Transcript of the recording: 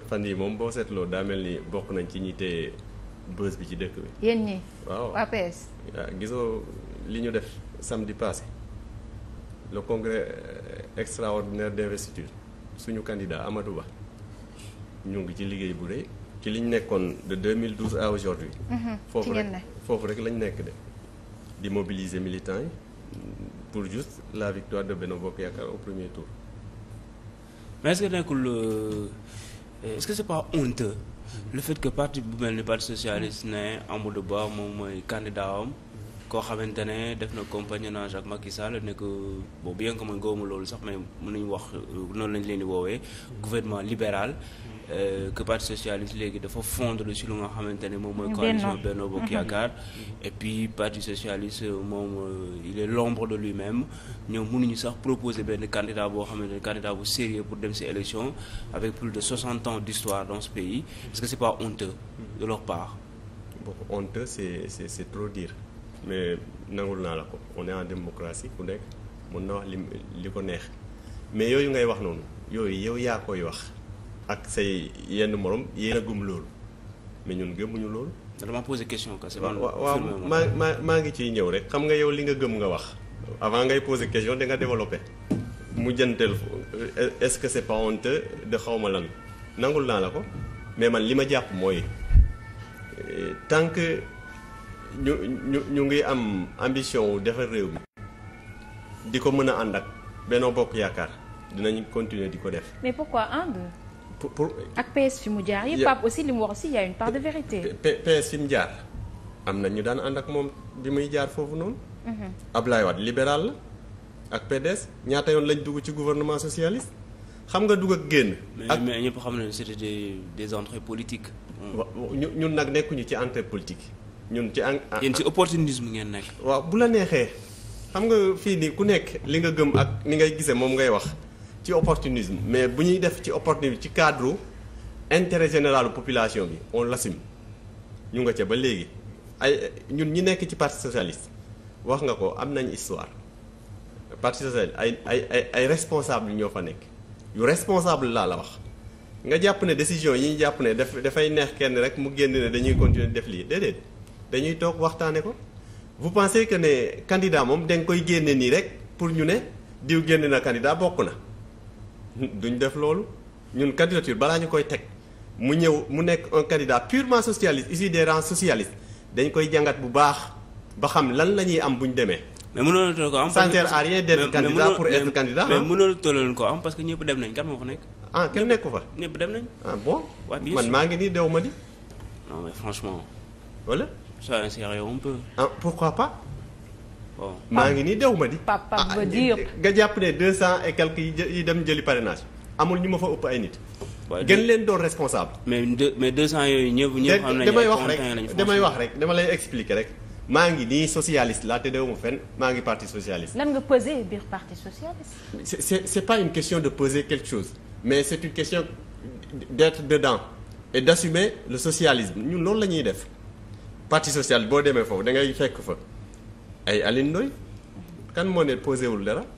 fan yii moom boo seetloo daa mel ni bokk nañ ci ñi téye bës bi ci dëkk bi. yéen ñi waaw APS. Ah, gisoo li ñu def samedi passé le congrès euh, extraordinaire d'investiture suñu candidat Amadou Ba ñu ngi ci liggéey bu rëy ci liñ nekkoon de 2012 à aujourd'hui mhm. foofu rek foofu lañ nekk de di mobiliser militants yi pour juste la victoire de Benno Bokk Yaakaar au premier tour mais que nekkul euh, Euh, est-ce que c'est pas honteux le fait que parti bu mel ni parti socialiste ne Amadou Ba moom mooy candidat koo xamante ne def na compagnonnage ak Macky Sall nekk bon bien que man góomu loolu sax mais mën nañu wax euh, noonu lañ leen di woowee gouvernement libéral Euh, que parti socialiste léegi dafa fondre si lu nga xamante ne moom mooy coalition benn Bokk mhm. Yaakaar mhm. et puis parti socialiste moom euh, il est l'ombre de lui-même ñoom mënuñu sax proposer benn candidat boo xamante ne candidat bu sérieux pour dem si élection avec plus de 60 ans d'histoire dans ce pays est-ce que c'est pas honteux de leur part bon c'est trop dire mais nangul naa la ko on est en démocratie ku nekk mën na wax li li ko neex mais yooyu ngay wax noonu yooyu yow yaa koy wax ak say yenn morom yéen a gëm loolu mais ñun gëmuñu loolu. dama posé question kese. waaw maa maa maa ngi ciy ñëw rek xam nga yow li nga gëm nga wax. avant ngay posé question da nga développé. mu jëntel euh, est-ce que c'est pas honteux de xawma lan nangul naa la ko mais man li ma jàpp mooy euh, tant que ñu ñu ñu ngi am ambition wu defar réew mi. di ko mën a ànd ak Benno Bokk Yaakaar dinañ continuer di ko def. pour pour. ak PS fi mu jaar yëpp Pape aussi li mu wax aussi y a une part de vérité. PS fi mu jaar am na ñu daan ànd ak moom bi muy jaar foofu noonu. Mhm. Ablaye wat libéral la ak PDS ñaata yoon lañ dugg ci gouvernement socialiste xam nga dugg ak génn. ak mais ñëpp xam nañu c'était des des entrées ñu ñun nag nekkuñu ci entrée politique ñun ci en. yéen ci opportunisme ngeen nekk. waaw bu la neexee xam nga fii nii ku nekk li nga gëm ak ni ngay gisee moom ngay wax. ci opportunisme mais bu ñuy def ci opportunisme ci cadre intérêt général population bi on l'assume ñu nga ca ba léegi ay ñun ñi nekk ci parti socialiste wax nga ko am nañ histoire parti socialiste ay ay ay ay responsable ñoo fa nekk yu responsable laa la wax nga jàpp ne décision yi ñu jàpp ne daf dafay neex kenn rek mu génn ne dañuy continuer def lii déedéet dañuy toog waxtaane ko vous pensez que ne candidat moom da nga koy génne nii rek pour ñu ne diw génn na candidat bokk na duñ def loolu ñun candidature balaa ñu koy teg mu ñëw mu nekk un candidat purement socialiste ici des rangs socialistes dañ koy jàngat bu baax ba xam lan la am bu ñu demee. mais mënoon ko am. sans sert à rien d'être candidat pour être candidat. mais mënoon tolloon ko am parce que ñëpp dem nañ kan moo fa nekk. ah kenn nekku fa. ñëpp dem nañ. ah bon man maa ngi nii dew ma di. non mais franchement. voilà. soyons sérieux un peu. ah pourquoi pas. bon maa ngi nii dew ma di. pap pap ah, ba nga jàpp ne deux cent et quelques yi dem jëli parrainage amul ñu ma fa ëpp ay nit. gën leen doon responsable. mais deux mais deux cent yooyu ñëpp ñëpp xam nañu damay wax rek damay wax rek dama lay expliquer rek. maa ngi nii socialiste la te dewuma fenn maa ngi parti socialiste. lan nga peser biir parti socialiste. c' est c' est pas une question de peser quelque chose mais c' est une question d' être dedans et d' le socialisme ñun loolu la ñuy def parti socialiste boo demee foofu da ngay fekk fa. ay Alioune Ndoye kan moo ne posé wul dara.